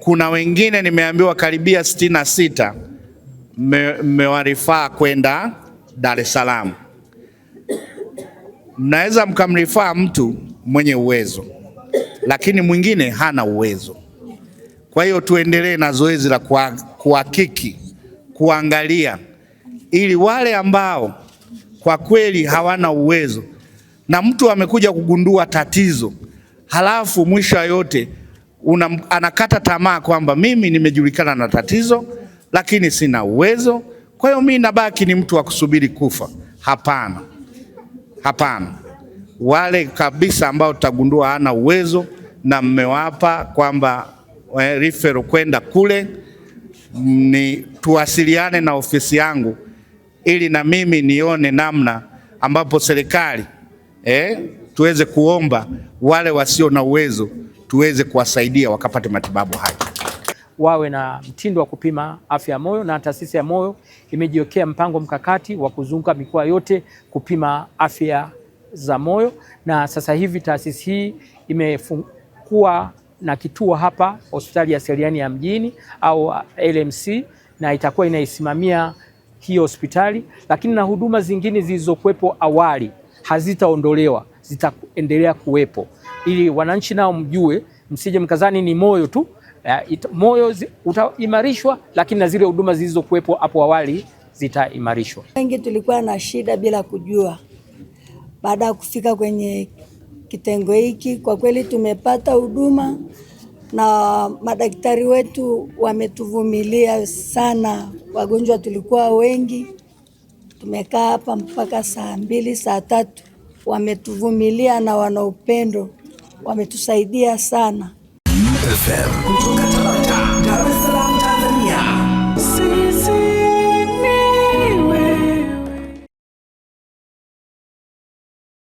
Kuna wengine nimeambiwa karibia sitini na sita mmewarifaa kwenda Dar es Salaam. Mnaweza mkamrifaa mtu mwenye uwezo, lakini mwingine hana uwezo. Kwa hiyo tuendelee na zoezi la kuhakiki, kuangalia, ili wale ambao kwa kweli hawana uwezo na mtu amekuja kugundua tatizo halafu mwisho yote una, anakata tamaa kwamba mimi nimejulikana na tatizo lakini sina uwezo, kwa hiyo mimi nabaki ni mtu wa kusubiri kufa. Hapana, hapana. Wale kabisa ambao tutagundua hana uwezo na mmewapa kwamba eh, referral kwenda kule, ni tuwasiliane na ofisi yangu ili na mimi nione namna ambapo serikali eh, tuweze kuomba wale wasio na uwezo tuweze kuwasaidia wakapate matibabu hayo. Wawe na mtindo wa kupima afya ya moyo, na taasisi ya moyo imejiwekea mpango mkakati wa kuzunguka mikoa yote kupima afya za moyo, na sasa hivi taasisi hii imefungua na kituo hapa hospitali ya Seliani ya mjini au LMC, na itakuwa inaisimamia hiyo hospitali, lakini na huduma zingine zilizokuwepo awali hazitaondolewa, zitaendelea kuwepo ili wananchi nao mjue, msije mkazani ni moyo tu. Uh, it, moyo utaimarishwa, lakini na zile huduma zilizokuwepo hapo awali zitaimarishwa. Wengi tulikuwa na shida bila kujua. Baada ya kufika kwenye kitengo hiki, kwa kweli tumepata huduma na madaktari wetu wametuvumilia sana. Wagonjwa tulikuwa wengi, tumekaa hapa mpaka saa mbili, saa tatu, wametuvumilia na wana upendo wametusaidia sana FM.